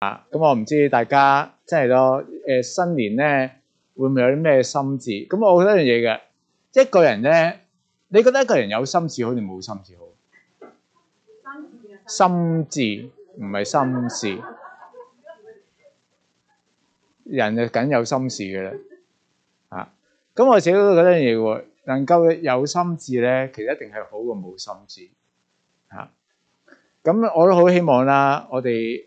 啊！咁我唔知大家即係咯。誒，新年咧會唔會有啲咩心志？咁我覺得樣嘢嘅一個人咧，你覺得一個人有心志，好定冇心志好？心志唔係心事，人就梗有心事嘅啦。啊！咁我寫到嗰樣嘢喎，能夠有心志咧，其實一定係好過冇心志吓。咁我都好希望啦，我哋。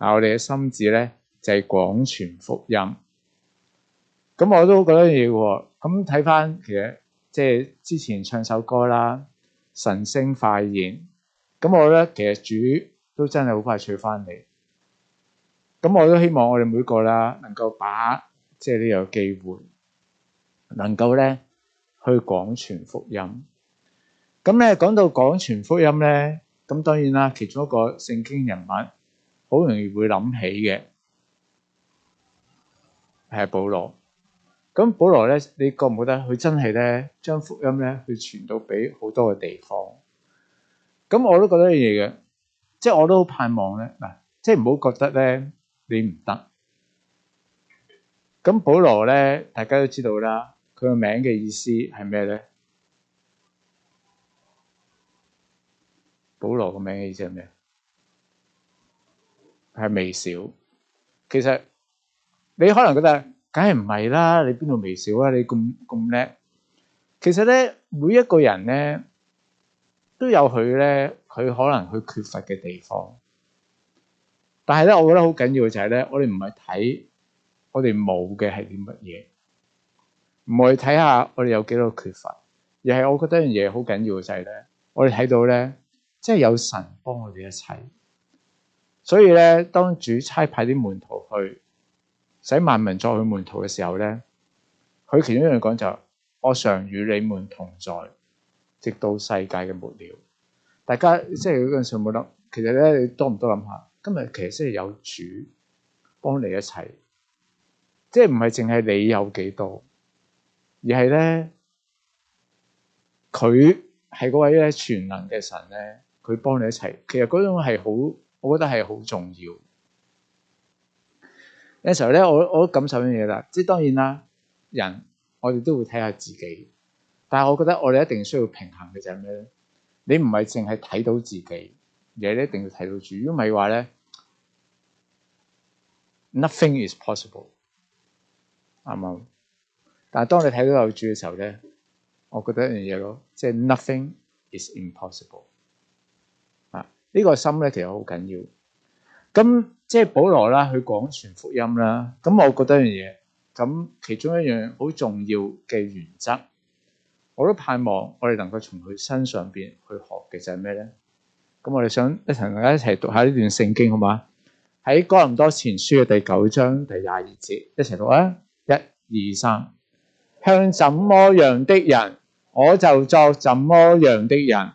啊！我哋嘅心志咧就係廣傳福音，咁我都覺得嘢喎。咁睇翻其實即係之前唱首歌啦，「神聲快言」咁我咧其實主都真係好快取翻嚟。咁我都希望我哋每個啦、就是，能夠把即係呢個機會能夠咧去廣傳福音。咁咧講到廣傳福音咧，咁當然啦，其中一個聖經人物。好容易會諗起嘅係保羅，咁保羅咧，你覺唔覺得佢真係咧將福音咧去傳到俾好多嘅地方？咁我都覺得一樣嘅，即係我都好盼望咧嗱，即係唔好覺得咧你唔得。咁保羅咧，大家都知道啦，佢個名嘅意思係咩咧？保羅個名嘅意思係咩？係微小。其實你可能覺得梗係唔係啦，你邊度微小啊？你咁咁叻，其實咧，每一個人咧都有佢咧，佢可能佢缺乏嘅地方。但係咧，我覺得好緊要嘅就係咧，我哋唔係睇我哋冇嘅係啲乜嘢，唔係睇下我哋有幾多缺乏，而係我覺得一樣嘢好緊要嘅就係咧，我哋睇到咧，即係有神幫我哋一齊。所以咧，當主差派啲門徒去使萬民作去門徒嘅時候咧，佢其中一樣講就是：我常與你們同在，直到世界嘅末了。大家即係嗰陣時冇諗，其實咧，你多唔多諗下？今日其實先係有主幫你一齊，即係唔係淨係你有幾多，而係咧佢係嗰位咧全能嘅神咧，佢幫你一齊。其實嗰種係好。我覺得係好重要。有時候咧，我我都感受乜嘢啦？即係當然啦，人我哋都會睇下自己，但係我覺得我哋一定需要平衡嘅就係咩咧？你唔係淨係睇到自己嘢，而你一定要睇到主。如果唔係話咧，nothing is possible，啱唔啱？但係當你睇到有主嘅時候咧，我覺得一樣嘢咯，即係 nothing is impossible。呢個心咧，其實好緊要。咁即係保羅啦，去廣傳福音啦。咁我覺得一樣嘢，咁其中一樣好重要嘅原則，我都盼望我哋能夠從佢身上面去學嘅就係咩咧？咁我哋想一齊大家一齊讀下呢段聖經，好嘛？喺哥林多前書嘅第九章第廿二節，一齊讀啊！一、二、三，向怎麼樣的人，我就作怎麼樣的人，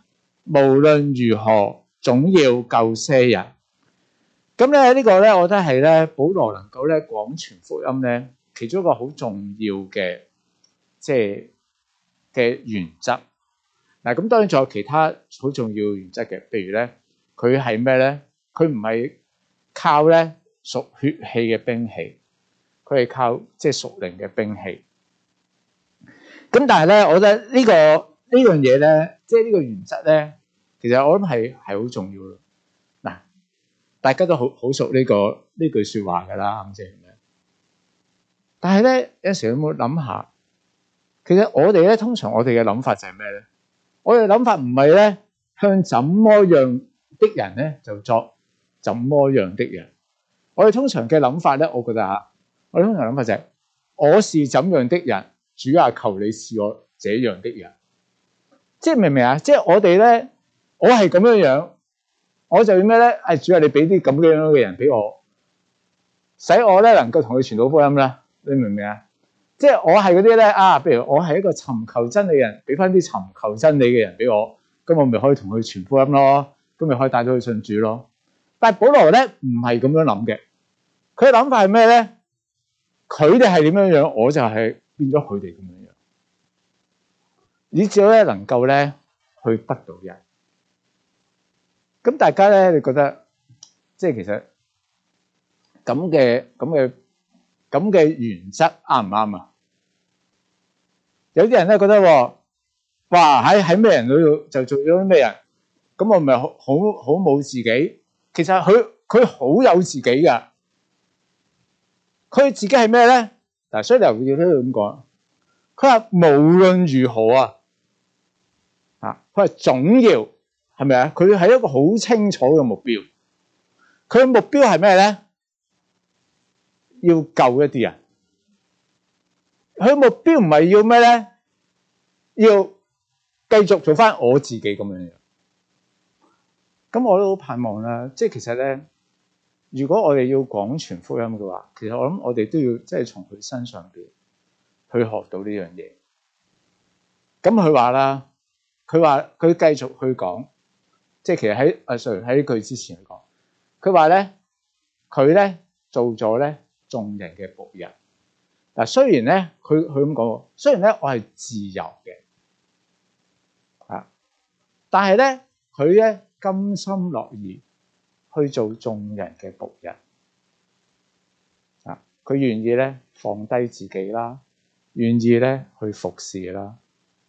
無論如何。總要救些人，咁咧呢個咧，我覺得係咧，保羅能夠咧廣傳福音咧，其中一個好重要嘅即係嘅原則。嗱，咁當然仲有其他好重要原則嘅，譬如咧，佢係咩咧？佢唔係靠咧屬血氣嘅兵器，佢係靠即係屬靈嘅兵器。咁但係咧，我覺得呢個呢樣嘢咧，即係呢個原則咧。其實我諗係係好重要咯，嗱，大家都好好熟呢個呢句說話噶啦，咁即係咩？但係咧，有陣時有冇諗下？其實我哋咧，通常我哋嘅諗法就係咩咧？我哋諗法唔係咧，向怎麼樣的人咧，就作怎麼樣的人。我哋通常嘅諗法咧，我覺得啊，我哋通常諗法就係，我是怎樣的人，主要係求你是我這樣的人。即係明唔明啊？即係我哋咧。我係咁樣樣，我就要咩咧？係主要你俾啲咁樣樣嘅人俾我，使我咧能夠同佢傳到福音咧，你明唔明啊？即係我係嗰啲咧啊，譬如我係一個尋求真理嘅人，俾翻啲尋求真理嘅人俾我，咁我咪可以同佢傳福音咯，咁咪可以帶咗佢信主咯。但保羅咧唔係咁樣諗嘅，佢嘅諗法係咩咧？佢哋係點樣樣，我就係變咗佢哋咁樣樣，以至咧能夠咧去得到人。咁大家咧，你覺得即係其實咁嘅咁嘅咁嘅原則啱唔啱啊？有啲人咧覺得哇，喺喺咩人度就做咗咩人，咁我咪好好好冇自己。其實佢佢好有自己嘅，佢自己係咩咧？嗱，所以你又要呢句咁講，佢話無論如何啊，啊，佢係總要。係咪啊？佢係一個好清楚嘅目標。佢嘅目標係咩咧？要救一啲人。佢目標唔係要咩咧？要繼續做翻我自己咁樣樣。咁我都好盼望啦。即係其實咧，如果我哋要廣傳福音嘅話，其實我諗我哋都要即係從佢身上邊去學到呢樣嘢。咁佢話啦，佢話佢繼續去講。即係其實喺阿 Sir 喺佢之前講，佢話咧佢咧做咗咧眾人嘅僕人。嗱雖然咧佢佢咁講，雖然咧我係自由嘅，啊，但係咧佢咧甘心樂意去做眾人嘅僕人。啊，佢願意咧放低自己啦，願意咧去服侍啦。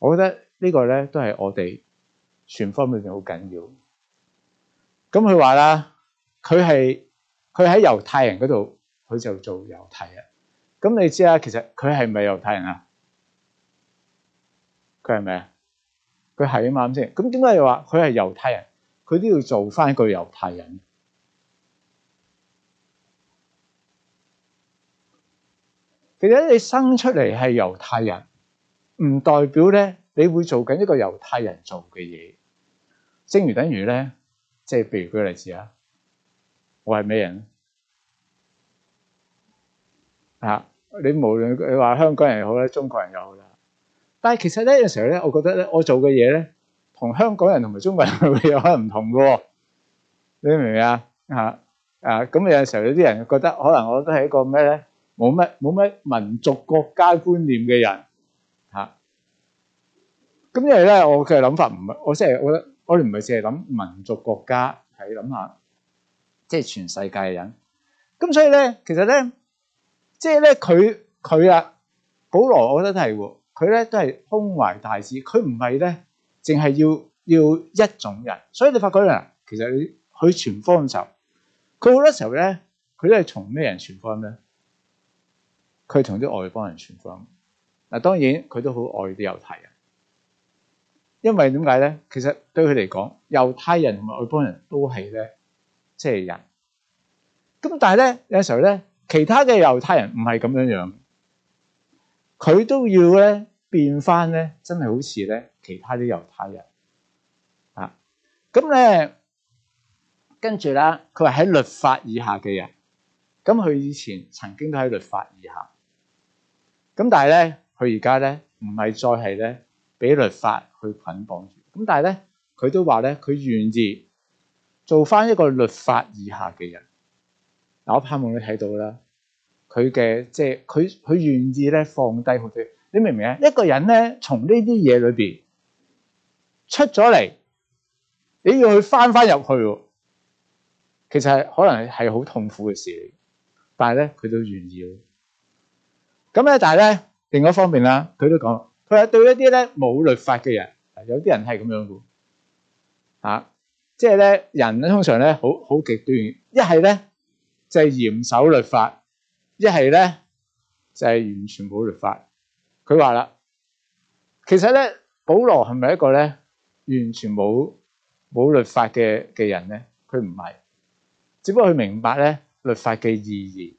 我覺得呢個咧都係我哋全方面好緊要。咁佢話啦，佢係佢喺猶太人嗰度，佢就做猶太人。咁你知啦，其實佢係咪猶太人啊？佢係咪啊？佢係啊嘛，啱先。咁點解又話佢係猶太人？佢都要做翻一個猶太人。其實你生出嚟係猶太人，唔代表咧，你會做緊一個猶太人做嘅嘢。正如等於咧。即係，譬如舉個例子啊，我係咩人啊？你無論你話香港人又好咧，中國人又好啦。但係其實咧，有陣時咧，我覺得咧，我做嘅嘢咧，同香港人同埋中國人會有可能唔同嘅。你明唔明啊？啊啊，咁有陣時有啲人覺得，可能我都係一個咩咧？冇乜冇乜民族國家觀念嘅人吓。咁因為咧，我嘅諗法唔係，我先係覺得。我哋唔係淨係諗民族國家，係諗下即係全世界嘅人。咁所以咧，其實咧，即係咧，佢佢啊，保羅，我覺得係喎，佢咧都係胸懷大志，佢唔係咧，淨係要要一種人。所以你發覺啦，其實佢傳福音嘅時候，佢好多時候咧，佢都係從咩人傳福音呢？咧？佢係同啲外邦人傳福音。嗱，當然佢都好愛啲猶太人。因為點解咧？其實對佢嚟講，猶太人同埋外邦人都係咧，即係人。咁但係咧，有時候咧，其他嘅猶太人唔係咁樣樣，佢都要咧變翻咧，真係好似咧其他啲猶太人啊。咁咧，跟住啦，佢係喺律法以下嘅人，咁佢以前曾經都喺律法以下，咁但係咧，佢而家咧唔係再係咧，俾律法去捆綁住，咁但係咧，佢都話咧，佢願意做翻一個律法以下嘅人。嗱，我盼望你睇到啦，佢嘅即係佢佢願意咧放低好多。你明唔明啊？一個人咧從呢啲嘢裏邊出咗嚟，你要去翻翻入去，其實可能係好痛苦嘅事嚟。但係咧，佢都願意。咁咧，但係咧，另一方面啦，佢都講。佢係對一啲咧冇律法嘅人，有啲人係咁樣嘅嚇，即係咧人咧通常咧好好極端，一係咧就係嚴守律法，一係咧就係完全冇律法。佢話啦，其實咧，保羅係咪一個咧完全冇冇律法嘅嘅人咧？佢唔係，只不過佢明白咧律法嘅意義，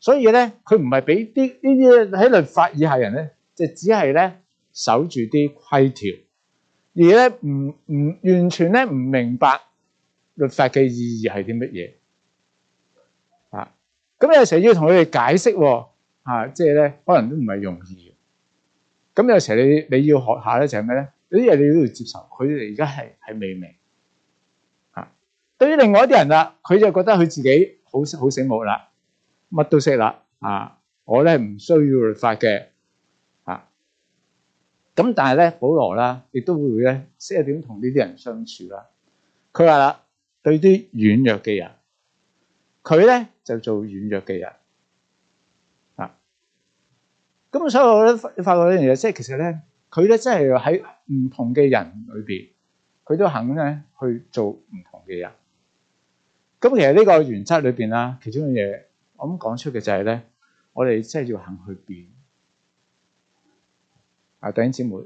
所以咧佢唔係俾啲呢啲喺律法以下人咧。就只係咧守住啲規條，而咧唔唔完全咧唔明白律法嘅意義係啲乜嘢啊？咁有時要同佢哋解釋喎啊！即係咧，可能都唔係容易嘅。咁有時你你要學下咧，就係咩咧？有啲嘢你都要接受。佢哋而家係係未明啊。對於另外一啲人啦，佢就覺得佢自己好好醒目啦，乜都識啦啊！我咧唔需要律法嘅。咁但係咧，保羅啦，亦都會咧識點同呢啲人相處啦。佢話啦，對啲軟弱嘅人，佢咧就做軟弱嘅人啊。咁所以我都發覺呢樣嘢，即係其實咧，佢咧真係喺唔同嘅人裏邊，佢都肯咧去做唔同嘅人。咁其實呢個原則裏邊啦，其中嘅嘢，我咁講出嘅就係咧，我哋真係要肯去變。啊，弟兄姊妹，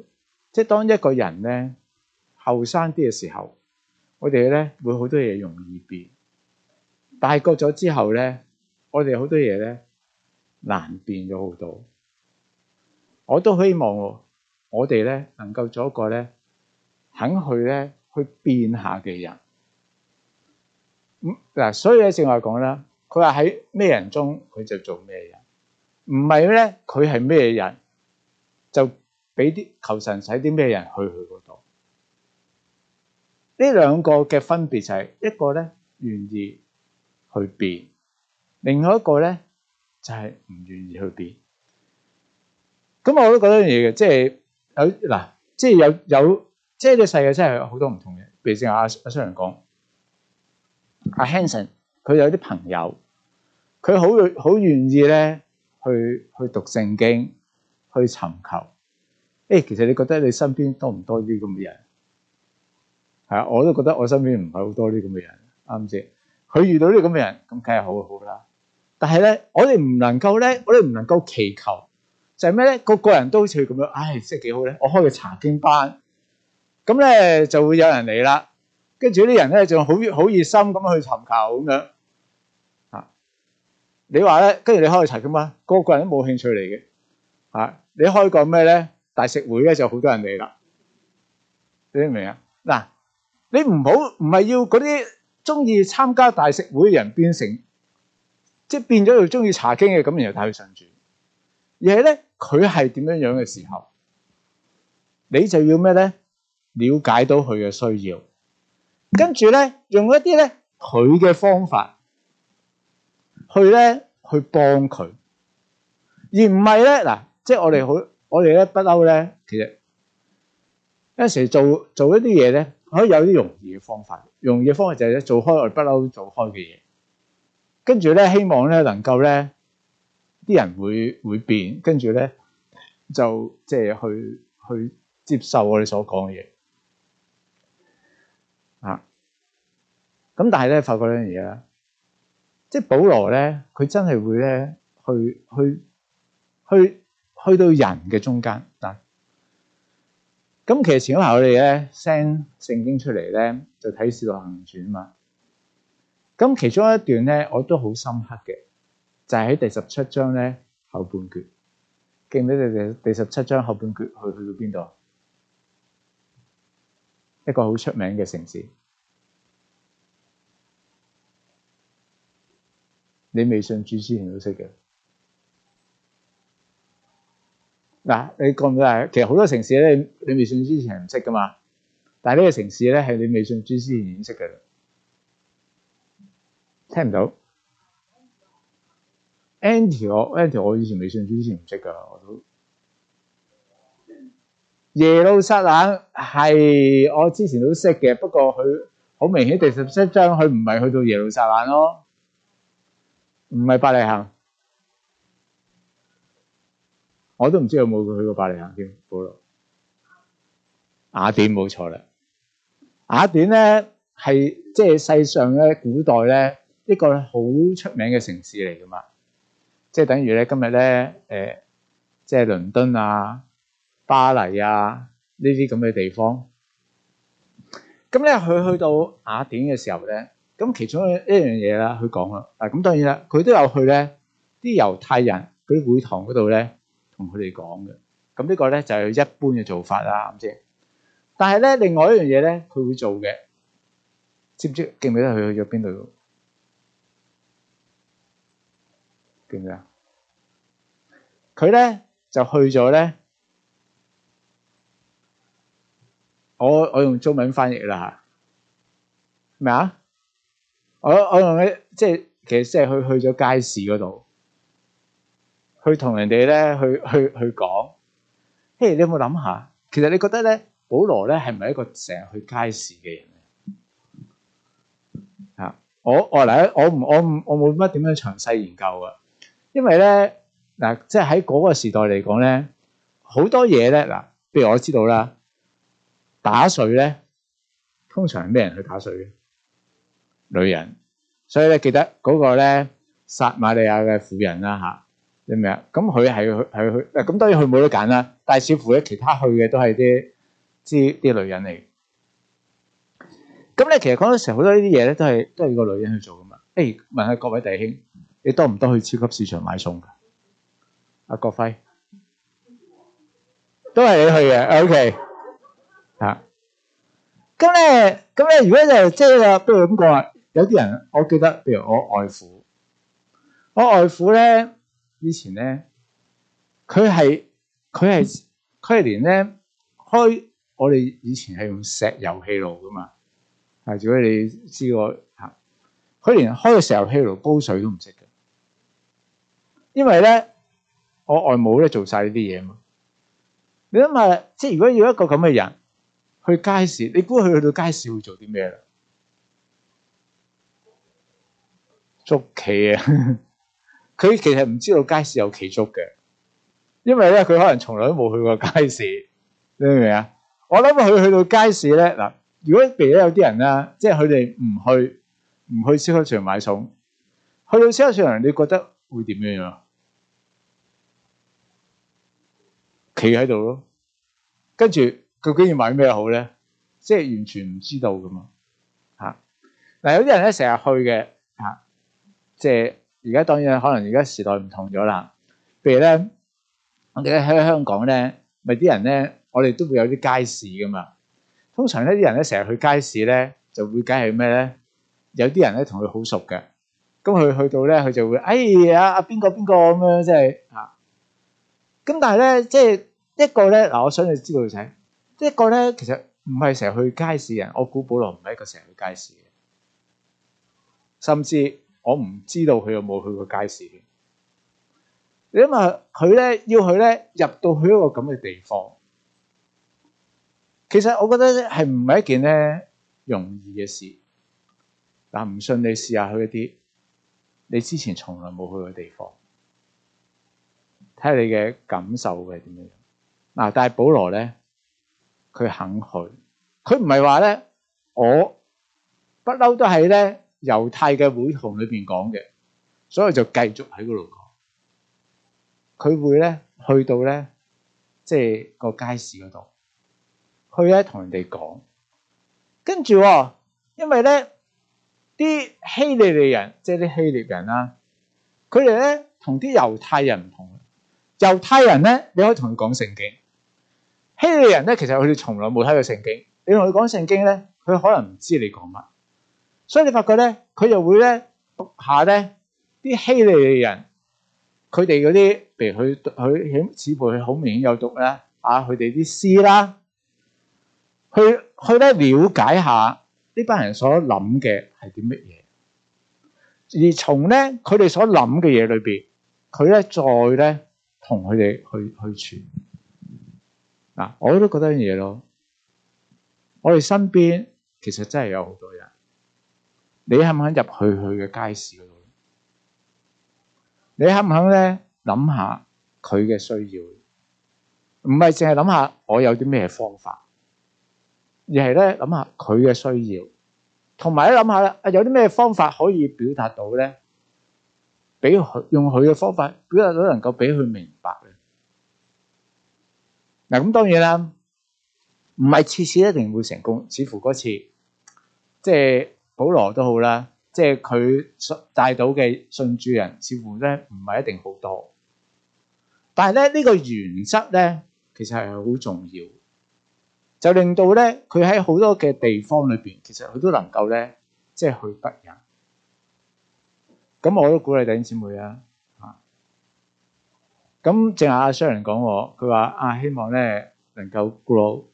即係當一個人咧，後生啲嘅時候，我哋咧會好多嘢，容易變；大個咗之後咧，我哋好多嘢咧難變咗好多。我都希望我哋咧能夠做一個咧肯去咧去變下嘅人。咁嗱，所以咧正話講啦，佢話喺咩人中佢就做咩人，唔係咧佢係咩人就。俾啲求神使啲咩人去佢嗰度？呢兩個嘅分別就係一個咧願意去變，另外一個咧就係唔願意去變。咁我都覺得樣嘢嘅，即係有嗱，即係有有，即係呢個世界真係好多唔同嘅。比如先阿阿雙人講，阿 Hanson 佢有啲朋友，佢好好願意咧去去讀聖經，去尋求。誒，其實你覺得你身邊多唔多呢啲咁嘅人？係啊，我都覺得我身邊唔係好多呢啲咁嘅人，啱唔啱先？佢遇到呢啲咁嘅人，咁梗係好好啦。但係咧，我哋唔能夠咧，我哋唔能夠祈求就係咩咧？個個人都好似咁樣，唉、哎，即係幾好咧！我開個查經班，咁咧就會有人嚟啦。跟住啲人咧就好好熱,熱心咁去尋求咁樣。嚇！你話咧，跟住你開個查經班，個個人都冇興趣嚟嘅。嚇！你開個咩咧？大食會咧就好多人嚟啦，你明唔明啊？嗱，你唔好唔係要嗰啲中意參加大食會嘅人變成，即係變咗又中意查經嘅咁，然後帶佢信主，而係咧佢係點樣樣嘅時候，你就要咩咧？了解到佢嘅需要，跟住咧用一啲咧佢嘅方法去咧去幫佢，而唔係咧嗱，即係我哋好。我哋咧不嬲咧，其實有時做做一啲嘢咧，可以有啲容易嘅方法。容易嘅方法就係咧做開我哋不嬲做開嘅嘢，跟住咧希望咧能夠咧啲人會會變，跟住咧就即係去去接受我哋所講嘅嘢啊。咁但係咧發覺呢樣嘢啦，即係保羅咧，佢真係會咧去去去。去去去到人嘅中間嗱，咁其實前嗰排我哋咧 send 聖經出嚟咧，就睇《使徒行傳》啊嘛。咁其中一段咧，我都好深刻嘅，就係、是、喺第十七章咧後半段。記唔記得第第十七章後半段去去到邊度？一個好出名嘅城市，你未信主之前都識嘅。嗱，你講唔講係？其實好多城市咧，你你未信之前係唔識噶嘛？但係呢個城市咧，係你未信之前已經識噶啦。聽唔到？Antio Antio 我以前未信之前唔識噶，我都耶路撒冷係我之前都識嘅，不過佢好明顯第十七章佢唔係去到耶路撒冷咯，唔係庇哩亞行。我都唔知有冇佢去過巴黎行添，保羅。雅典冇錯啦，雅典咧係即係世上咧古代咧一個好出名嘅城市嚟㗎嘛，即係等於咧今日咧誒，即係倫敦啊、巴黎啊呢啲咁嘅地方。咁咧佢去到雅典嘅時候咧，咁其中一樣嘢啦，佢講啦，啊咁當然啦，佢都有去咧啲猶太人佢啲會堂嗰度咧。同佢哋講嘅，咁呢個咧就係一般嘅做法啦，咁即。但係咧，另外一樣嘢咧，佢會做嘅，知唔知？記唔記得佢去咗邊度？記唔記啊？佢咧就去咗咧，我我用中文翻譯啦吓，咩啊？我我用嘅即係，其實即係去去咗街市嗰度。去同人哋咧，去去去講，嘿！你有冇諗下？其實你覺得咧，保羅咧係唔係一個成日去街市嘅人咧？啊！我我嚟，我唔我唔我冇乜點樣詳細研究㗎，因為咧嗱，即係喺嗰個時代嚟講咧，好多嘢咧嗱，譬如我知道啦，打水咧，通常係咩人去打水嘅？女人，所以咧記得嗰個咧撒瑪利亞嘅婦人啦嚇。知唔知啊？咁佢係去係去，誒咁當然佢冇得揀啦。但係似乎咧，其他去嘅都係啲啲啲女人嚟。咁咧，其實嗰陣時候好多呢啲嘢咧，都係都係個女人去做噶嘛。誒，問下各位弟兄，你多唔多去超級市場買餸噶？阿國輝都係你去嘅。OK，啊，咁咧咁咧，如果就即係不如咁講啦，有啲人我記得，譬如我外父，我外父咧。以前咧，佢係佢係佢係連咧開，我哋以前係用石油氣爐噶嘛，係，如果你知我吓，佢連開個石油氣爐煲水都唔識嘅，因為咧我外母咧做晒呢啲嘢嘛。你諗下，即係如果要一個咁嘅人去街市，你估佢去到街市會做啲咩啦？捉棋啊！ 佢其實唔知道街市有企足嘅，因為咧佢可能從來都冇去過街市，你明唔明啊？我諗佢去到街市咧嗱，如果譬如有啲人咧，即係佢哋唔去唔去超級市場買餸，去到超級市場你覺得會點樣樣？企喺度咯，跟住究竟要買咩好咧？即係完全唔知道噶嘛嚇！嗱、啊啊，有啲人咧成日去嘅啊，即係。而家當然可能而家時代唔同咗啦。譬如咧，我記得喺香港咧，咪啲人咧，我哋都會有啲街市噶嘛。通常咧啲人咧成日去街市咧，就會梗係咩咧？有啲人咧同佢好熟嘅，咁佢去到咧，佢就會哎呀阿邊個邊個咁樣即係啊。咁但係咧，即係一個咧嗱，我想你知道就係一個咧，其實唔係成日去街市人。我估保羅唔係一個成日去街市嘅，甚至。我唔知道佢有冇去過街市。你因為佢咧，要佢咧入到去一個咁嘅地方，其實我覺得呢係唔係一件咧容易嘅事。但唔信你試下去一啲，你之前從來冇去過地方，睇下你嘅感受係點樣。嗱，但係保羅咧，佢肯去，佢唔係話咧，我不嬲都係咧。猶太嘅會堂裏邊講嘅，所以就繼續喺嗰度講。佢會咧去到咧，即係個街市嗰度，去咧同人哋講。跟住、哦，因為咧啲希利利人，即係啲希臘人啦、啊，佢哋咧同啲猶太人唔同。猶太人咧，你可以同佢講聖經。希利利人咧，其實佢哋從來冇睇過聖經。你同佢講聖經咧，佢可能唔知你講乜。所以你發覺咧，佢就會咧讀一下咧啲犀利嘅人，佢哋嗰啲，譬如佢佢似乎佢好明顯有讀咧，啊，佢哋啲詩啦，去去咧了解一下呢班人所諗嘅係啲乜嘢，而從咧佢哋所諗嘅嘢裏邊，佢咧再咧同佢哋去去傳。嗱，我都覺得嘢咯，我哋身邊其實真係有好多人。你肯唔肯入去佢嘅街市嗰度？你肯唔肯咧諗下佢嘅需要？唔係淨係諗下我有啲咩方法，而係咧諗下佢嘅需要，同埋咧諗下啊有啲咩方法可以表達到咧，俾佢用佢嘅方法表達到能夠俾佢明白咧。嗱咁當然啦，唔係次次一定會成功，似乎嗰次即係。保羅都好啦，即係佢帶到嘅信主人，似乎咧唔係一定好多。但係咧呢個原則咧，其實係好重要，就令到咧佢喺好多嘅地方裏邊，其實佢都能夠咧即係去得人。咁我都鼓勵弟兄姊妹啊。咁正係阿 Sharon 講我，佢話啊，希望咧能夠 grow。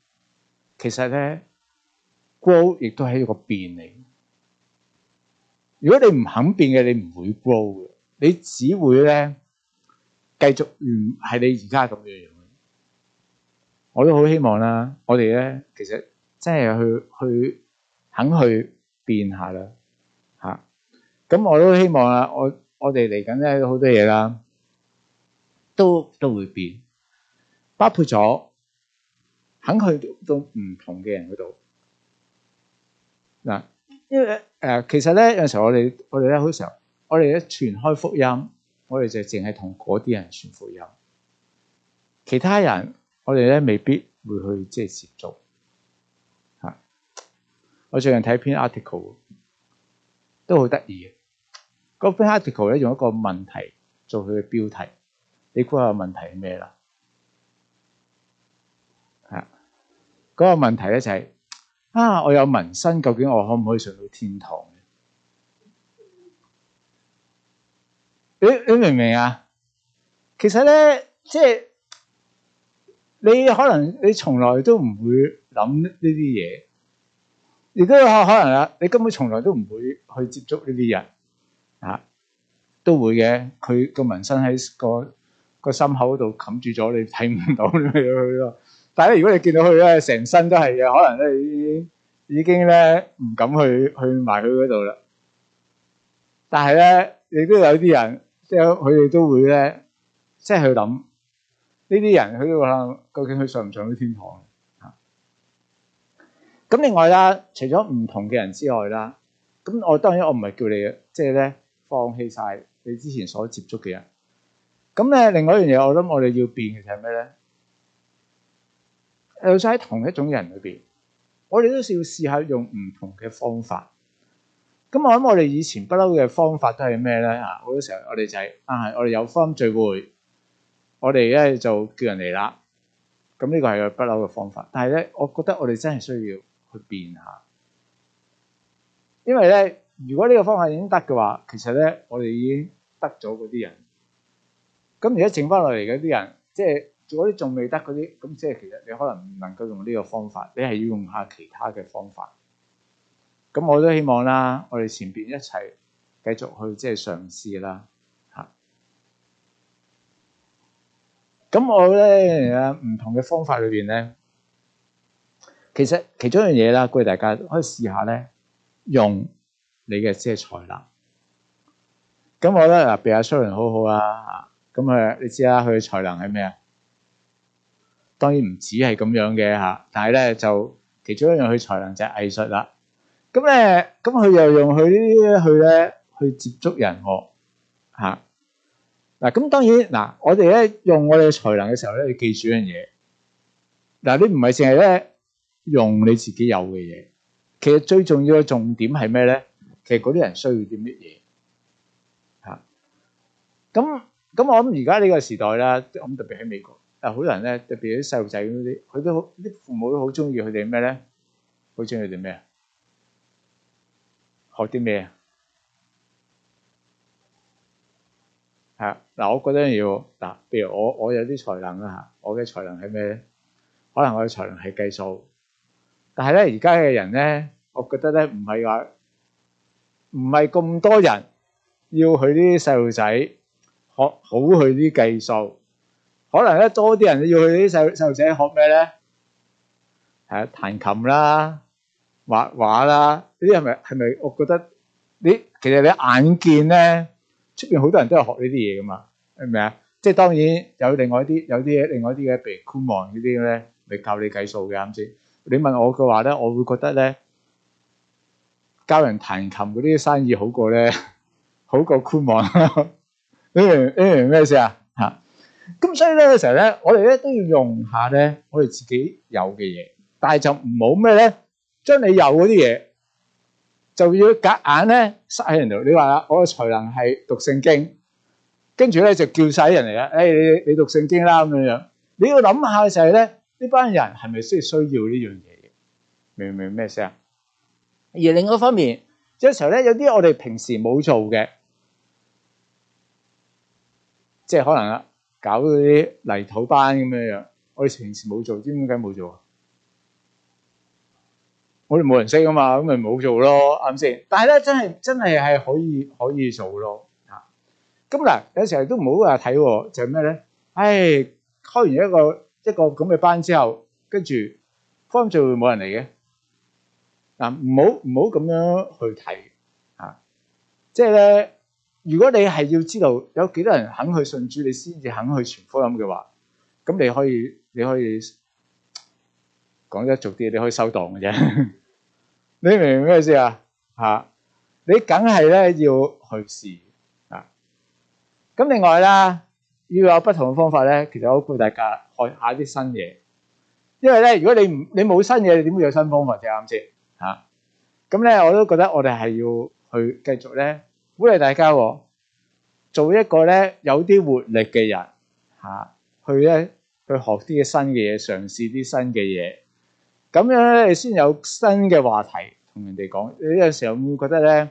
其實咧 grow 亦都係一個便利。如果你唔肯變嘅，你唔會 grow 嘅，你只會咧繼續唔係你而家咁樣樣。我都好希望啦，我哋咧其實真係去去肯去變下啦，吓，咁我都希望啦，我我哋嚟緊咧好多嘢啦，都都會變，包括咗肯去到唔同嘅人嗰度嗱。因為誒、呃，其實咧有陣時候我哋我哋咧好常，我哋咧傳開福音，我哋就淨係同嗰啲人傳福音，其他人我哋咧未必會去即係接觸。吓、嗯，我最近睇篇 article 都好得意嘅，個篇 article 咧用一個問題做佢嘅標題，你估下個問題係咩啦？吓、嗯、嗰、那個問題咧就係、是。啊！我有紋身，究竟我可唔可以上到天堂嘅？你明唔明啊？其實咧，即係你可能你從來都唔會諗呢啲嘢，亦都有可能啊，你根本從來都唔會去接觸呢啲人啊，都會嘅。佢個紋身喺個個心口度冚住咗，你睇唔到佢咯。但係如果你見到佢咧，成身都係嘅，可能咧已經已經咧唔敢去去埋佢嗰度啦。但係咧，亦都有啲人，即係佢哋都會咧，即係去諗呢啲人，佢都話究竟佢上唔上到天堂啊？咁另外啦，除咗唔同嘅人之外啦，咁我當然我唔係叫你即係咧放棄曬你之前所接觸嘅人。咁咧，另外一樣嘢，我諗我哋要變嘅就係咩咧？又再喺同一種人裏邊，我哋都係要試下用唔同嘅方法。咁我諗，我哋以前不嬲嘅方法都係咩咧？啊，好多時候我哋就係、係、啊，我哋有翻聚會，我哋咧就叫人嚟啦。咁呢個係個不嬲嘅方法，但係咧，我覺得我哋真係需要去變下，因為咧，如果呢個方法已經得嘅話，其實咧，我哋已經得咗嗰啲人。咁而家剩翻落嚟嗰啲人，即係。嗰啲仲未得嗰啲，咁即係其實你可能唔能夠用呢個方法，你係要用下其他嘅方法。咁我都希望啦，我哋前邊一齊繼續去即係嘗試啦，嚇。咁我咧唔同嘅方法裏邊咧，其實其中一樣嘢啦，鼓勵大家可以試下咧，用你嘅即係才能。咁我覺得嗱，俾阿 Sharon 好好啦，嚇。咁佢你知啦，佢嘅才能係咩啊？當然唔止係咁樣嘅，嚇，但係咧就其中一樣佢才能就係藝術啦。咁咧，咁佢又用佢呢啲去咧去接觸人我，嚇，嗱。咁當然嗱，我哋咧用我哋才能嘅時候咧，要記住一樣嘢嗱，你唔係淨係咧用你自己有嘅嘢，其實最重要嘅重點係咩咧？其實嗰啲人需要啲乜嘢嚇？咁，咁我諗而家呢個時代啦，即係我諗特別喺美國。嗱，好多人咧，特別啲細路仔嗰啲，佢都好，啲父母都好中意佢哋咩咧？好中意佢哋咩？學啲咩？係啊，嗱，我覺得要嗱，譬如我我有啲才能啦嚇，我嘅才能係咩咧？可能我嘅才能係計數，但係咧而家嘅人咧，我覺得咧唔係話唔係咁多人要佢啲細路仔學好佢啲計數。可能咧多啲人要去啲細細路仔學咩咧？係彈琴啦、畫畫啦，呢啲係咪係咪？我覺得你其實你眼見咧，出邊好多人都係學呢啲嘢噶嘛，係咪啊？即係當然有另外一啲，有啲嘢另外一啲嘅，譬如 Kumon 呢啲咧，咪教你計數嘅。啱先你問我嘅話咧，我會覺得咧教人彈琴嗰啲生意好過咧，好過 Kumon。你明？你明咩意思啊？咁所以咧，有時候咧，我哋咧都要用下咧，我哋自己有嘅嘢，但係就唔好咩咧，將你有嗰啲嘢就要夾硬咧塞喺人度。你話啊，我嘅才能係讀聖經，跟住咧就叫晒啲人嚟啦。誒，你你讀聖經啦咁樣樣。你要諗下嘅就係咧，呢班人係咪真係需要呢樣嘢？明唔明咩事？而另一方面，即係有時候咧有啲我哋平時冇做嘅，即係可能啊。搞嗰啲泥土班咁樣樣，我哋平時冇做，知唔知點解冇做啊？我哋冇人識啊嘛，咁咪冇做咯，啱先？但係咧，真係真係係可以可以做咯。吓，咁嗱，有時候都唔好話睇，就係咩咧？唉，開完一個一個咁嘅班之後，跟住福音聚會冇人嚟，嘅，嗱唔好唔好咁樣去睇，吓、就是，即係咧。如果你係要知道有幾多人肯去信主，你先至肯去傳福音嘅話，咁你可以你可以講得俗啲，你可以收檔嘅啫。你明唔明咩意思啊？嚇！你梗係咧要去試啊！咁另外啦，要有不同嘅方法咧，其實我鼓大家學下啲新嘢，因為咧如果你唔你冇新嘢，你點會有新方法啫？啱唔啱先？嚇！咁咧我都覺得我哋係要去繼續咧。鼓勵大家喎，做一個咧有啲活力嘅人嚇，去咧去學啲嘅新嘅嘢，嘗試啲新嘅嘢，咁樣咧你先有新嘅話題同人哋講。你有時候會覺得咧，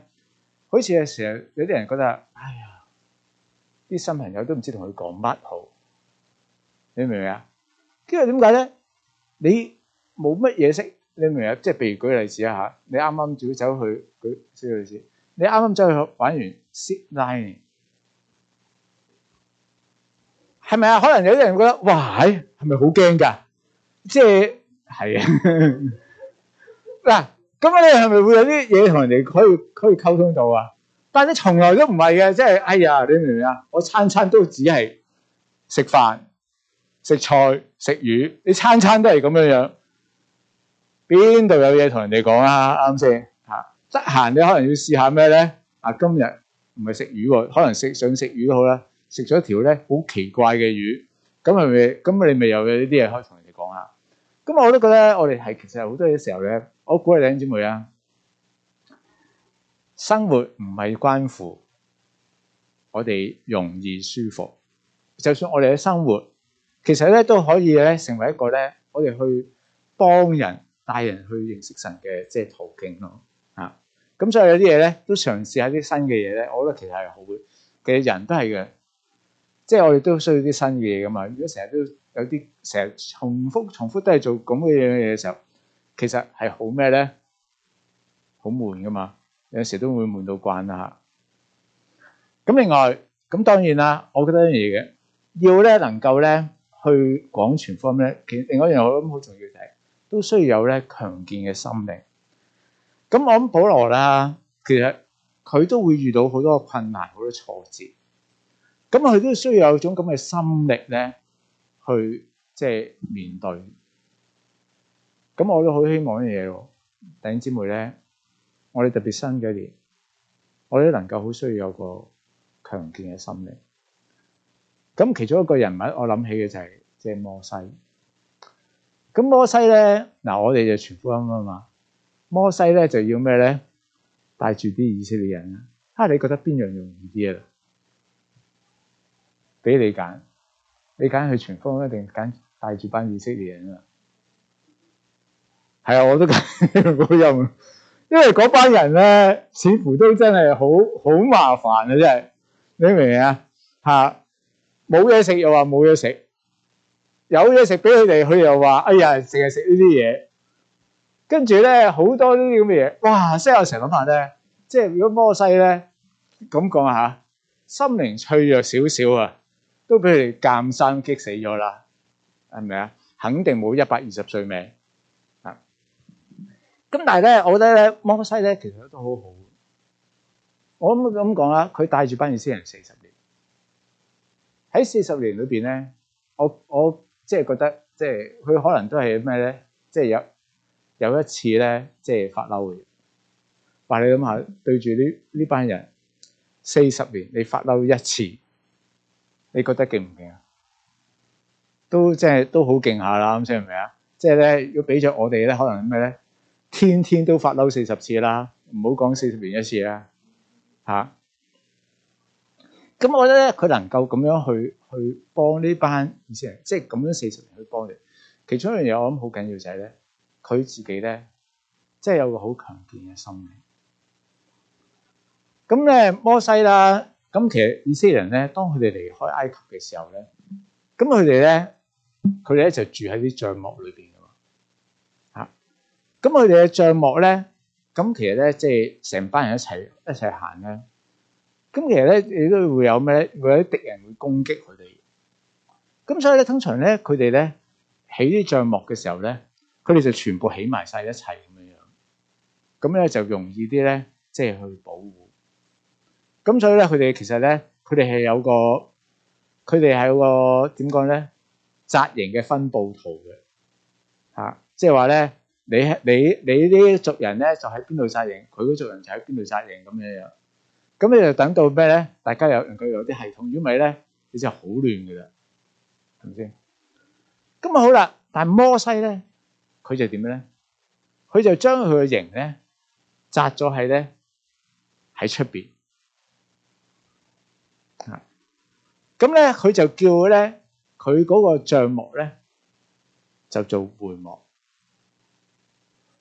好似有時候有啲人覺得，哎呀，啲新朋友都唔知同佢講乜好，你明唔明啊？因為點解咧？你冇乜嘢識，你明唔明啊？即係譬如舉例子啊嚇，你啱啱自己走去舉，先舉例子。你啱啱走去玩完，s t i down。係咪啊？可能有啲人覺得嘩，係咪好驚噶？即係係啊。嗱、就是，咁 你係咪會有啲嘢同人哋可以可以溝通到啊？但係你從來都唔係嘅，即、就、係、是、哎呀，你明唔明啊？我餐餐都只係食飯、食菜、食魚，你餐餐都係咁樣樣，邊度有嘢同人哋講啊？啱先。得閒，你可能要試下咩咧？啊，今日唔係食魚喎，可能食想食魚都好啦。食咗條咧好奇怪嘅魚，咁係咪？咁你咪有嘅呢啲嘢可以同人哋講下。咁我都覺得我哋係其實好多嘅時候咧，我估你兩姊妹啊，生活唔係關乎我哋容易舒服。就算我哋嘅生活，其實咧都可以咧成為一個咧，我哋去幫人帶人去認識神嘅即係途徑咯。咁所以有啲嘢咧，都嘗試下啲新嘅嘢咧。我覺得其實係好嘅，人都係嘅，即係我哋都需要啲新嘅嘢噶嘛。如果成日都有啲成日重複重複都係做咁嘅嘢嘅時候，其實係好咩咧？好悶噶嘛，有時都會悶到慣啦嚇。咁另外，咁當然啦，我覺得一樣嘢嘅要咧能夠咧去廣傳方面，其另外一樣我諗好重要嘅係，都需要有咧強健嘅心靈。咁我諗保羅啦，其實佢都會遇到好多困難，好多挫折。咁佢都需要有種咁嘅心力咧，去即係面對。咁我都好希望一樣嘢咯，弟兄姊妹咧，我哋特別新嘅一年，我哋都能夠好需要有個強健嘅心力。咁其中一個人物，我諗起嘅就係即係摩西。咁摩西咧，嗱我哋就傳福音啊嘛。摩西咧就要咩咧？帶住啲以色列人啊！啊，你覺得邊樣容易啲啊？俾你揀，你揀去傳福音定揀帶住班以色列人啊？係啊，我都咁冇用，因為嗰班人咧似乎都真係好好麻煩啊！真係，你明唔明啊？吓，冇嘢食又話冇嘢食，有嘢食俾佢哋，佢又話：哎呀，淨係食呢啲嘢。跟住咧，好多呢啲咁嘅嘢，哇！即係我成日諗下咧，即係如果摩西咧咁講下，心靈脆弱少少啊，都俾佢哋監生激死咗啦，係咪啊？肯定冇一百二十歲命啊！咁但係咧，我覺得咧，摩西咧其實都好好。我咁講啦，佢帶住班以色列人四十年，喺四十年裏邊咧，我我即係覺得，即係佢可能都係咩咧，即係有。有一次咧，即係發嬲，話你諗下，對住呢呢班人四十年，你發嬲一次，你覺得勁唔勁啊？都即係都好勁下啦，咁先係咪啊？即係咧，要俾咗我哋咧，可能咩咧？天天都發嬲四十次啦，唔好講四十年一次啊！嚇，咁我覺得咧，佢能夠咁樣去去幫呢班意思係，即係咁樣四十年去幫你。其中一樣嘢，我諗好緊要就係咧。佢自己咧，即係有個好強健嘅心理。咁咧摩西啦，咁其實以色列人咧，當佢哋離開埃及嘅時候咧，咁佢哋咧，佢哋咧就住喺啲帳幕裏邊㗎嘛。嚇！咁佢哋嘅帳幕咧，咁其實咧即係成班人一齊一齊行咧。咁其實咧，亦都會有咩？會有啲敵人會攻擊佢哋。咁所以咧，通常咧，佢哋咧起啲帳幕嘅時候咧。佢哋就全部起埋晒一齊咁樣樣，咁咧就容易啲咧，即係去保護。咁所以咧，佢哋其實咧，佢哋係有個，佢哋係有個點講咧，扎營嘅分布圖嘅，吓，即係話咧，你你你呢族人咧就喺邊度紮營，佢嗰族人就喺邊度紮營咁樣樣。咁你就等到咩咧？大家有能夠有啲系統，如果唔係咧，你就好亂噶啦，係咪先？咁啊好啦，但係摩西咧。佢就點咧？佢就將佢個營咧紮咗喺咧喺出邊啊！咁咧佢就叫咧佢嗰個帳幕咧就做會幕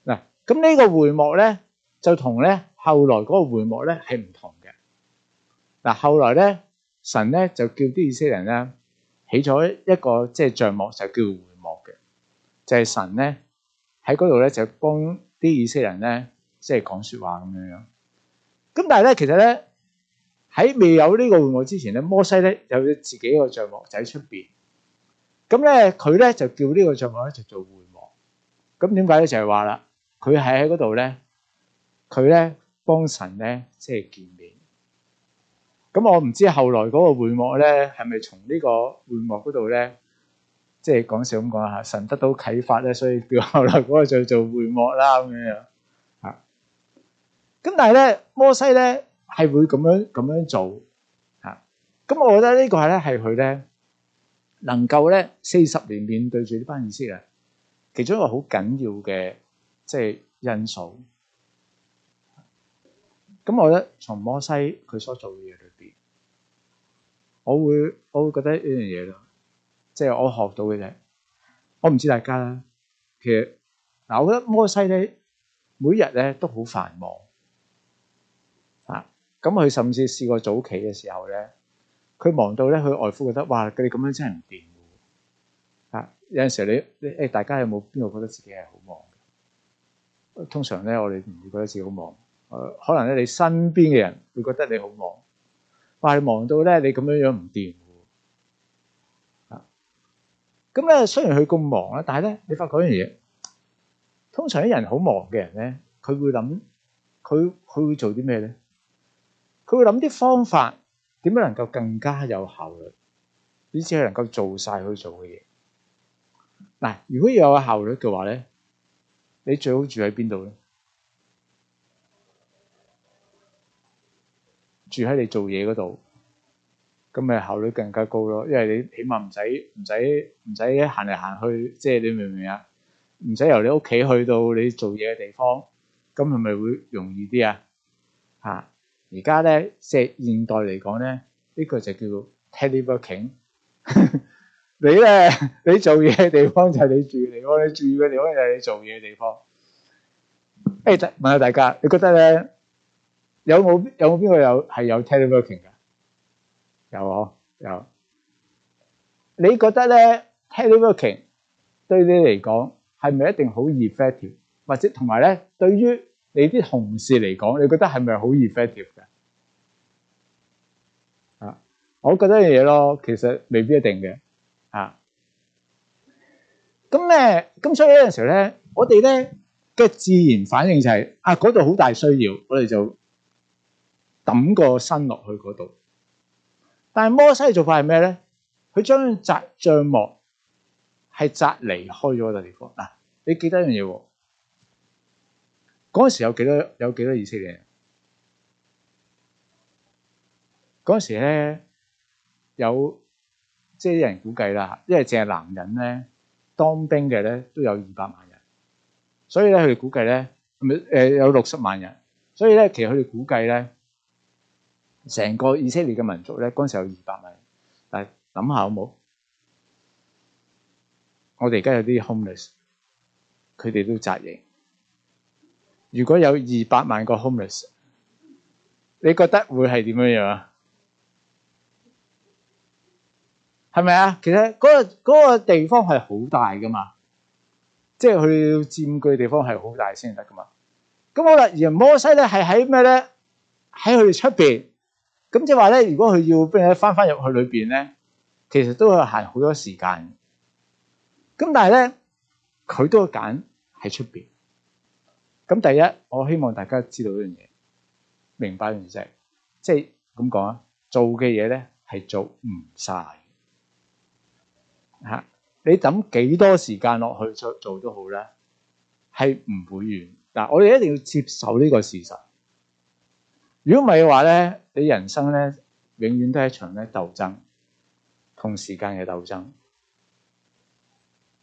嗱。咁呢個會幕咧就同咧後來嗰個會幕咧係唔同嘅嗱。後來咧神咧就叫啲以色列人咧起咗一個即係帳幕就叫會幕嘅，就係神咧。喺嗰度咧就幫啲以色列人咧即係講說話咁樣樣，咁但係咧其實咧喺未有呢個會幕之前咧，摩西咧有自己一個帳幕仔出邊，咁咧佢咧就叫呢個帳幕咧就做會幕，咁點解咧就係話啦，佢係喺嗰度咧，佢咧幫神咧即係見面，咁我唔知後來嗰個會幕咧係咪從呢個會幕嗰度咧？即係講笑咁講吓，神得到啟發咧，所以叫後來嗰個做做會幕啦咁樣樣，吓。咁但係咧，摩西咧係會咁樣咁樣做，吓。咁我覺得呢個咧係佢咧能夠咧四十年面對住呢班人識嘅，其中一個好緊要嘅即係因素。咁我覺得從摩西佢所做嘅嘢裏邊，我會我會覺得一樣嘢咯。即係我學到嘅啫，我唔知大家啦。其實嗱，我覺得摩西咧，每日咧都好繁忙嚇。咁佢甚至試過早期嘅時候咧，佢忙到咧，佢外父覺得哇，佢哋咁樣真係唔掂㗎。啊，有陣時你誒，大家有冇邊個覺得自己係好忙？通常咧，我哋唔會覺得自己好忙。誒，可能咧，你身邊嘅人會覺得你好忙。哇，你忙到咧，你咁樣樣唔掂。咁咧，雖然佢咁忙咧，但係咧，你發覺一樣嘢，通常啲人好忙嘅人咧，佢會諗，佢佢會做啲咩咧？佢會諗啲方法點樣能夠更加有效率，以致佢能夠做曬佢做嘅嘢。嗱，如果有效率嘅話咧，你最好住喺邊度咧？住喺你做嘢嗰度。咁咪效率更加高咯，因為你起碼唔使唔使唔使行嚟行去，即係你明唔明啊？唔使由你屋企去到你做嘢嘅地方，咁係咪會容易啲啊？嚇！而家咧，即係現代嚟講咧，呢個就叫做 teleworking。你咧，你做嘢嘅地方就係你住嘅地方，你住嘅地方就係你做嘢嘅地方。誒，問下大家，你覺得咧有冇有冇邊個有係有 teleworking 㗎？有嗬，有。你覺得咧，teleworking 對你嚟講係咪一定好 effective？或者同埋咧，對於你啲同事嚟講，你覺得係咪好 effective 嘅？啊，我覺得嘢咯，其實未必一定嘅。啊，咁咧，咁所以有陣時咧，我哋咧嘅自然反應就係啊，嗰度好大需要，我哋就揼個身落去嗰度。但係摩西嘅做法係咩咧？佢將紮帳幕係紮離開咗個地方嗱。你記得一樣嘢喎？嗰陣時有幾多有幾多以色列人？嗰陣時咧有即係啲人估計啦，一係淨係男人咧當兵嘅咧都有二百萬人，所以咧佢哋估計咧係有六十萬人？所以咧其實佢哋估計咧。成個以色列嘅民族咧，嗰陣時有二百萬，但係諗下好冇？我哋而家有啲 homeless，佢哋都紮營。如果有二百萬個 homeless，你覺得會係點樣樣啊？係咪啊？其實嗰個嗰個地方係好大噶嘛，即係佢佔據地方係好大先得噶嘛。咁好啦，而摩西咧係喺咩咧？喺佢出邊。咁即係話咧，如果佢要俾人翻翻入去裏邊咧，其實都係行好多時間。咁但係咧，佢都揀喺出邊。咁第一，我希望大家知道呢樣嘢，明白呢樣嘢，即係咁講啊，做嘅嘢咧係做唔晒嘅吓。你抌幾多時間落去做做都好啦，係唔會完。但係我哋一定要接受呢個事實。如果唔係嘅話咧，你人生咧永遠都係一場咧鬥爭，同時間嘅鬥爭。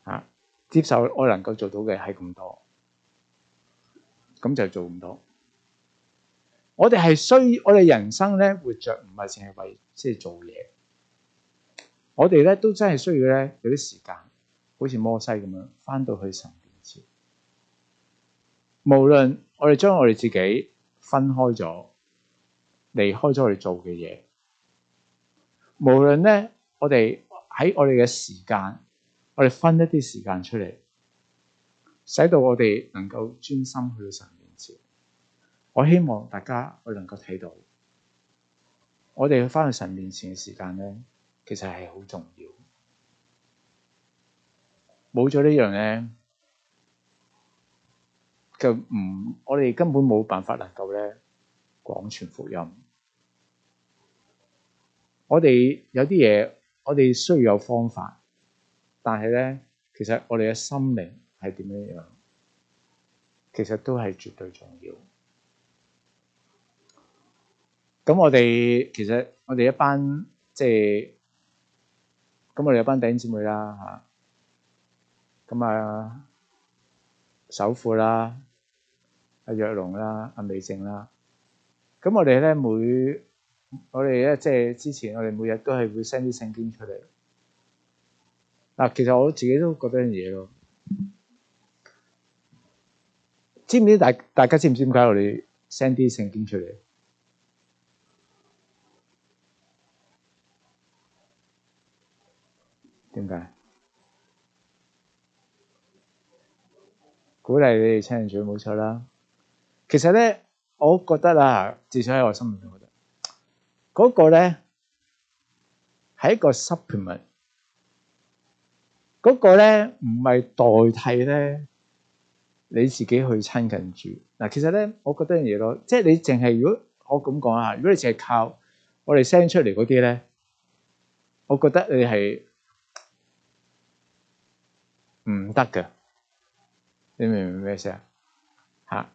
啊，接受我能夠做到嘅係咁多，咁就做咁多。我哋係需要，我哋人生咧活着唔係淨係為即係、就是、做嘢，我哋咧都真係需要咧有啲時間，好似摩西咁樣翻到去神面前。無論我哋將我哋自己分開咗。離開咗我哋做嘅嘢，無論咧，我哋喺我哋嘅時間，我哋分一啲時間出嚟，使到我哋能夠專心去到神面前。我希望大家我能夠睇到，我哋去翻去神面前嘅時間咧，其實係好重要。冇咗呢樣咧，就唔，我哋根本冇辦法能夠咧廣傳福音。我哋有啲嘢，我哋需要有方法，但係咧，其實我哋嘅心靈係點樣樣，其實都係絕對重要。咁我哋其實我哋一班即係，咁、就是、我哋有班弟兄姊妹啦嚇，咁啊首富啦，阿若龍啦，阿、啊、美靜啦，咁我哋咧每我哋咧，即係之前，我哋每日都係會 send 啲聖經出嚟。嗱，其實我自己都覺得樣嘢咯。知唔知大大家知唔知點解我哋 send 啲聖經出嚟？點解？鼓勵你哋親人住，冇錯啦。其實咧，我覺得啊，至少喺我心裏面。嗰個咧係一個 supplement，嗰個咧唔係代替咧你自己去親近住。嗱，其實咧我覺得一樣嘢咯，即係你淨係如果我咁講啊，如果你淨係靠我哋 send 出嚟嗰啲咧，我覺得你係唔得嘅。你明唔明咩意思啊？嚇！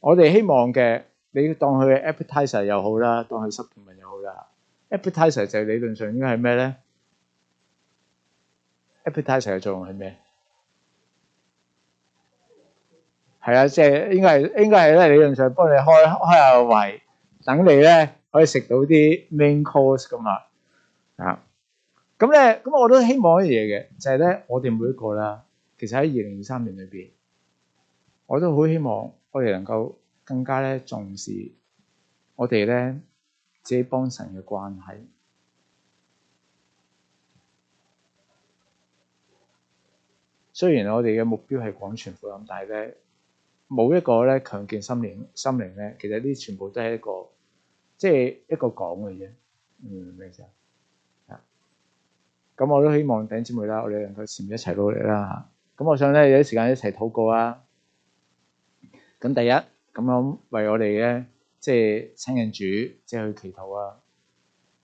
我哋希望嘅，你當佢嘅 appetizer 又好啦，當佢 supplement 又。嘅，appetizer 就係理論上應該係咩咧？appetizer 嘅作用係咩？係啊，即係應該係應該係咧理論上幫你開開下胃，等你咧可以食到啲 main course 㗎嘛。啊，咁咧咁我都希望一樣嘢嘅，就係咧我哋每一個啦，其實喺二零二三年裏邊，我都好希望我哋能夠更加咧重視我哋咧。自己幫神嘅關係，雖然我哋嘅目標係廣傳福音，但係咧冇一個咧強健心靈，心靈咧其實呢啲全部都係一個，即係一個講嘅啫。嗯咩意思？啊，咁我都希望頂姊妹啦，我哋兩個前面一齊努力啦嚇。咁我想咧有啲時間一齊禱告啊。咁第一咁樣為我哋咧。即係請人主，即係去祈禱啊！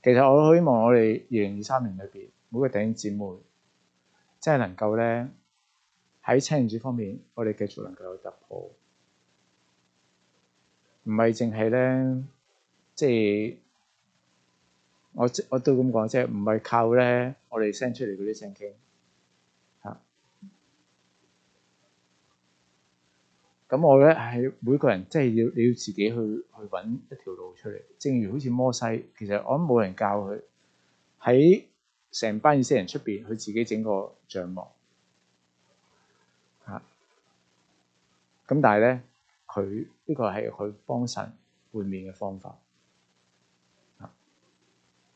其實我好希望我哋二零二三年裏邊每個弟兄姊妹，即係能夠咧喺請人主方面，我哋繼續能夠有突破。唔係淨係咧，即係我我都咁講啫，唔係靠咧我哋 send 出嚟嗰啲聲傾。咁我咧係每個人，即係要你要自己去去揾一條路出嚟。正如好似摩西，其實我諗冇人教佢喺成班以色列人出邊，佢自己整個帳幕嚇。咁但係咧，佢呢個係佢幫神會面嘅方法嚇。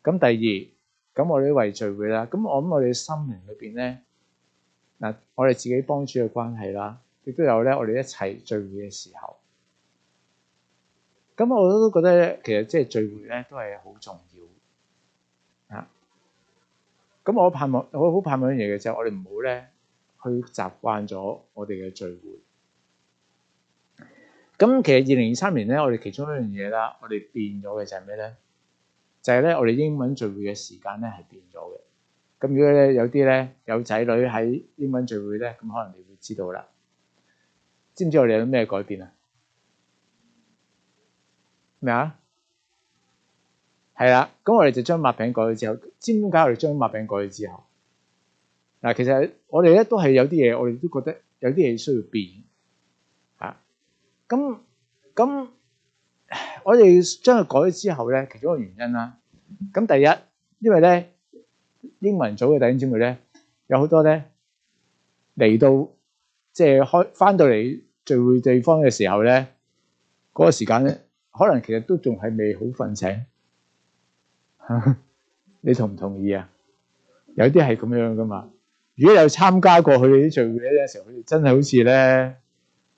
咁第二，咁我哋為聚會啦。咁我諗我哋嘅心靈裏邊咧，嗱我哋自己幫主嘅關係啦。亦都有咧，我哋一齊聚會嘅時候，咁我都覺得咧，其實即係聚會咧都係好重要啊。咁我盼望我好盼望一樣嘢嘅就係我哋唔好咧去習慣咗我哋嘅聚會。咁其實二零二三年咧，我哋其中一樣嘢啦，我哋變咗嘅就係咩咧？就係咧，我哋英文聚會嘅時間咧係變咗嘅。咁如果咧有啲咧有仔女喺英文聚會咧，咁可能你會知道啦。知唔知我哋有咩改變啊？咩啊？係啦，咁我哋就將麥餅改咗之後，知唔知點解我哋將麥餅改咗之後？嗱，其實我哋咧都係有啲嘢，我哋都覺得有啲嘢需要變啊。咁咁，我哋將佢改咗之後咧，其中一個原因啦。咁第一，因為咧英文組嘅弟兄姊妹咧，有好多咧嚟到。即係開翻到嚟聚會地方嘅時候咧，嗰個時間咧，可能其實都仲係未好瞓醒。你同唔同意啊？有啲係咁樣噶嘛？如果有參加過佢哋啲聚會咧嘅時候，佢哋真係好似咧，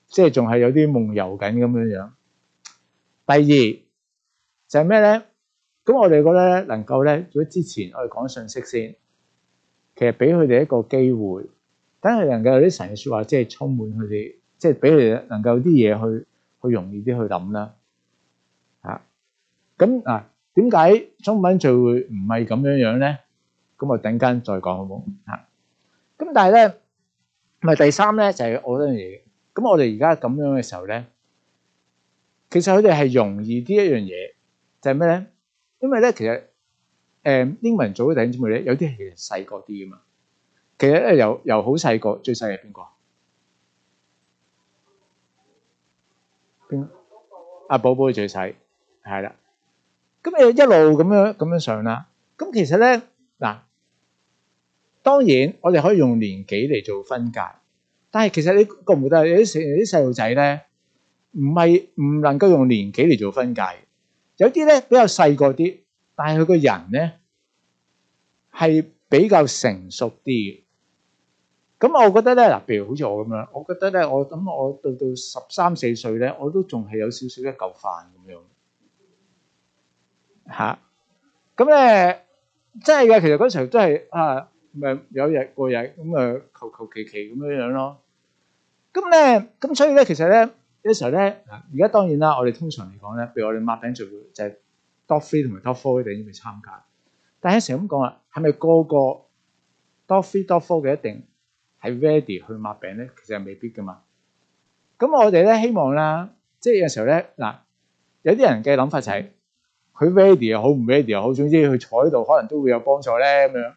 即係仲係有啲夢遊緊咁樣樣。第二就係咩咧？咁我哋覺得咧，能夠咧，如果之前我哋講信息先，其實俾佢哋一個機會。梗係能夠有啲神嘅說話，即係充滿佢哋，即係俾佢哋能夠有啲嘢去去容易啲去諗啦。吓，咁啊，點解中文聚會唔係咁樣樣咧？咁啊，等間再講好唔好啊？咁但係咧，咪第三咧就係我一樣嘢。咁我哋而家咁樣嘅時候咧，其實佢哋係容易啲一樣嘢，就係咩咧？因為咧，其實誒，英文組嘅弟兄姊妹咧，有啲係細個啲啊嘛。其實咧，由由好細個，最細係邊個？邊阿寶寶最細係啦。咁你一路咁樣咁樣上啦。咁其實咧嗱，當然我哋可以用年紀嚟做分界，但係其實你覺唔覺得有啲細啲細路仔咧，唔係唔能夠用年紀嚟做分界？有啲咧比較細個啲，但係佢個人咧係比較成熟啲。咁我覺得咧，嗱，譬如好似我咁樣，我覺得咧，我諗我到到十三四歲咧，我都仲係有少少一嚿飯咁樣嚇。咁咧即係嘅，其實嗰陣時都係啊，咪有日過日咁啊，求求其其咁樣樣咯。咁咧，咁所以咧，其實咧，有時候咧，而家當然啦，我哋通常嚟講咧，譬如我哋抹餅聚會就係多飛同埋多科一定要去參加。但係有時咁講話，係咪個個多飛多科嘅一定？係 ready 去抹餅咧，其實係未必噶嘛。咁我哋咧，希望喇，即係有時候咧，嗱，有啲人嘅諗法就係佢 ready 又好，唔 ready 又好，總之佢坐喺度可能都會有幫助咧咁樣。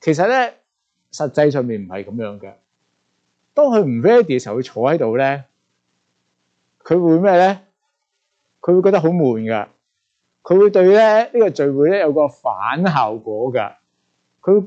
其實咧，實際上面唔係咁樣嘅。當佢唔 ready 嘅時候，佢坐喺度咧，佢會咩咧？佢會覺得好悶噶，佢會對咧呢個聚會咧有個反效果噶，佢。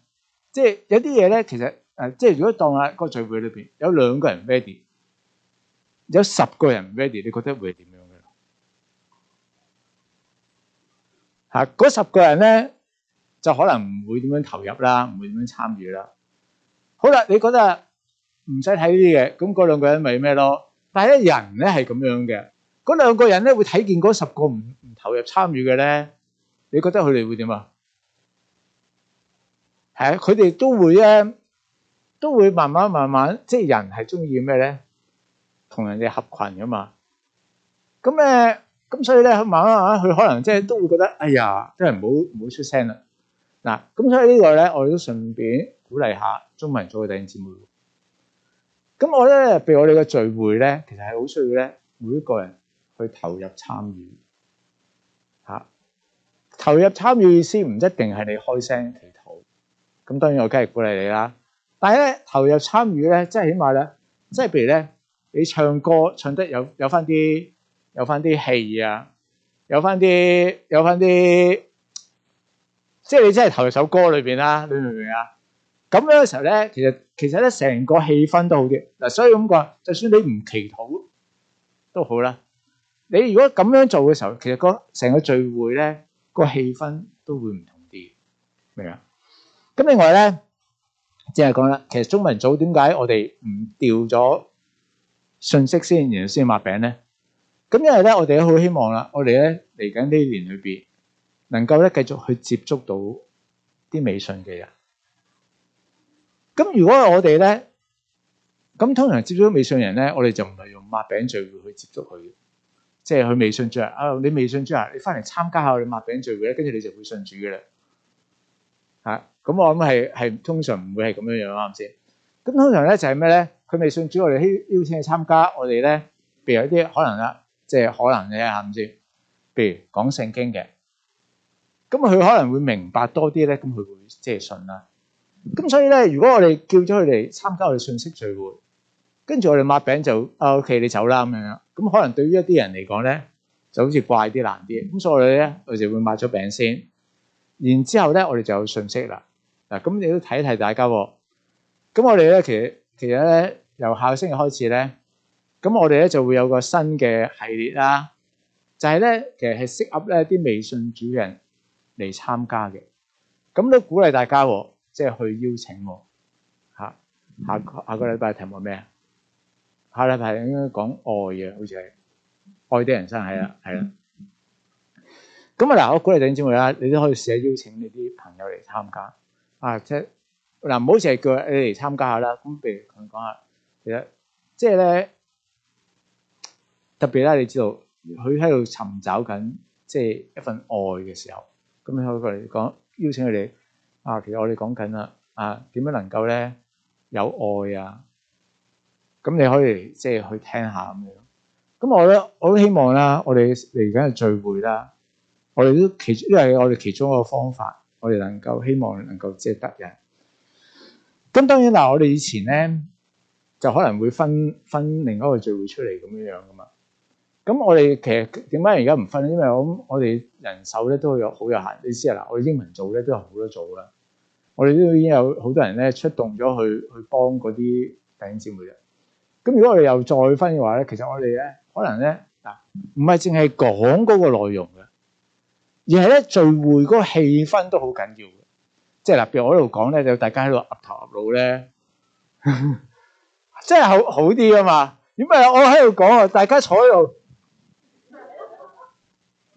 即係有啲嘢咧，其實誒，即係如果當下個聚會裏邊有兩個人 ready，有十個人 ready，你覺得會係點樣嘅？嚇，嗰十個人咧就可能唔會點樣投入啦，唔會點樣參與啦。好啦，你覺得唔使睇呢啲嘅，咁嗰兩個人咪咩咯？但係咧人咧係咁樣嘅，嗰兩個人咧會睇見嗰十個唔唔投入參與嘅咧，你覺得佢哋會點啊？佢哋都會咧，都會慢慢慢慢，即係人係中意咩咧？同人哋合群㗎嘛。咁誒，咁所以咧，慢慢佢可能即係都會覺得，哎呀，真係唔好唔好出聲啦。嗱，咁所以呢個咧，我哋都順便鼓勵下中文組嘅弟兄姊妹。咁我咧，譬如我哋嘅聚會咧，其實係好需要咧，每一個人去投入參與、啊、投入參與意思唔一定係你開聲。咁當然我梗係鼓勵你啦，但係咧投入參與咧，即係起碼咧，即係譬如咧，你唱歌唱得有有翻啲有翻啲戲啊，有翻啲有翻啲，即係你真係投入首歌裏邊啦，你明唔明啊？咁樣嘅時候咧，其實其實咧，成個氣氛都好啲嗱，所以咁講，就算你唔祈禱都好啦，你如果咁樣做嘅時候，其實個成個聚會咧個氣氛都會唔同啲，明啊？咁另外咧，即係講啦，其實中文組點解我哋唔掉咗信息先，然後先抹餅咧？咁因為咧，我哋都好希望啦，我哋咧嚟緊呢年裏邊，能夠咧繼續去接觸到啲微信嘅人。咁如果我哋咧，咁通常接觸到微信人咧，我哋就唔係用抹餅聚會去接觸佢，即係去微信著啊！你微信著啊，你翻嚟參加下我哋抹餅聚會咧，跟住你就會信主嘅啦，吓。咁我諗係係通常唔會係咁樣樣啦，啱唔先？咁通常咧就係咩咧？佢未信主，我哋邀邀請佢參加，我哋咧，譬如有啲可能啦，即係可能嘅，啱唔先？譬如講聖經嘅，咁佢可能會明白多啲咧，咁佢會即係信啦。咁所以咧，如果我哋叫咗佢哋參加我哋信息聚會，跟住我哋擘餅就啊，OK，你走啦咁樣。咁可能對於一啲人嚟講咧，就好似怪啲難啲。咁所以咧，我哋會擘咗餅先，然之後咧，我哋就有信息啦。嗱，咁你都提一提大家喎、哦。咁我哋咧，其實其實咧，由下個星期開始咧，咁我哋咧就會有個新嘅系列啦。就係、是、咧，其實係適合咧啲未信主嘅人嚟參加嘅。咁都鼓勵大家、哦，即係去邀請喎。下個下個禮拜嘅題目咩啊？下禮拜應該講愛嘅，好似係愛啲人生，係啦係啦咁啊，嗱，我鼓勵姊妹啦你都可以試下邀請你啲朋友嚟參加。啊，即係嗱，唔好成日叫你嚟參加下啦。咁，譬如講下，其實即係咧，特別啦，你知道佢喺度尋找緊即係一份愛嘅時候，咁你可以嚟講邀請佢哋。啊，其實我哋講緊啦，啊，點樣能夠咧有愛啊？咁你可以即係去聽下咁樣。咁我覺得我都希望啦，我哋嚟緊嘅聚會啦，我哋都其中因為我哋其中一個方法。我哋能夠希望能夠即係得嘅，咁當然嗱，我哋以前咧就可能會分分另一個聚會出嚟咁樣樣噶嘛。咁我哋其實點解而家唔分咧？因為我我哋人手咧都有好有限，你知啊嗱，我哋英文組咧都有好多組啦。我哋都已經有好多人咧出動咗去去幫嗰啲弟兄姊妹嘅。咁如果我哋又再分嘅話咧，其實我哋咧可能咧嗱，唔係淨係講嗰個內容嘅。而係咧聚會嗰個氣氛都好緊要嘅，即係嗱，譬如我喺度講咧，就大家喺度岌頭岌腦咧，即係好好啲啊嘛。點解，我喺度講啊，大家坐喺度，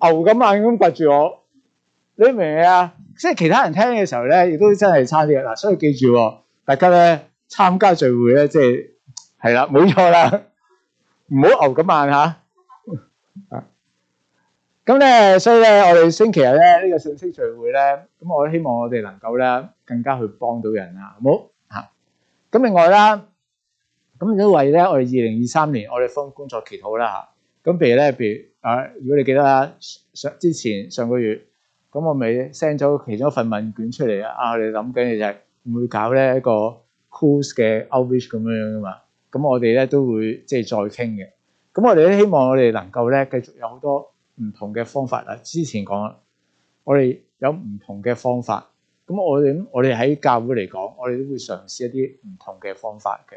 牛咁眼咁掘住我，你明唔明啊？即係其他人聽嘅時候咧，亦都真係差啲。嗱，所以記住，大家咧參加聚會咧，即係係啦，冇錯啦，唔好牛咁眼嚇啊！咁咧，所以咧，我哋星期日咧呢個信息聚會咧，咁我都希望我哋能夠咧更加去幫到人啊，好唔好？嚇！咁另外啦，咁都為咧我哋二零二三年我哋方工作祈禱啦嚇。咁譬如咧，譬如啊，如果你記得上之前上個月，咁我咪 send 咗其中一份問卷出嚟啦。啊，我哋諗緊嘅就係會搞咧一個 school 嘅 outreach 咁樣樣噶嘛。咁我哋咧都會即係再傾嘅。咁我哋都希望我哋能夠咧繼續有好多。唔同嘅方法啦，之前講，我哋有唔同嘅方法，咁我哋咁，我哋喺教會嚟講，我哋都會嘗試一啲唔同嘅方法嘅，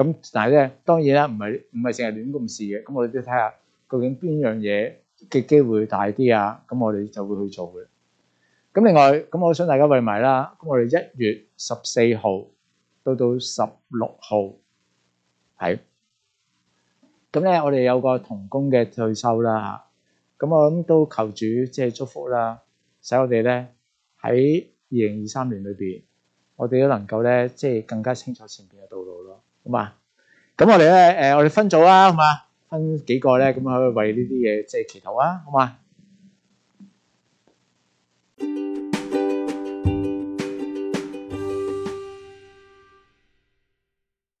咁但係咧當然啦，唔係唔係淨係亂咁試嘅，咁我哋都睇下究竟邊樣嘢嘅機會大啲啊，咁我哋就會去做嘅。咁另外，咁我想大家為埋啦，咁我哋一月十四號到到十六號係，咁咧我哋有個同工嘅退休啦嚇。咁我諗都求主即係祝福啦，使我哋咧喺二零二三年裏邊，我哋都能夠咧即係更加清楚前面嘅道路咯。好嘛？咁我哋咧誒，我哋分組啦，好嘛？分幾個咧？咁去為呢啲嘢即係祈禱啊，好嘛？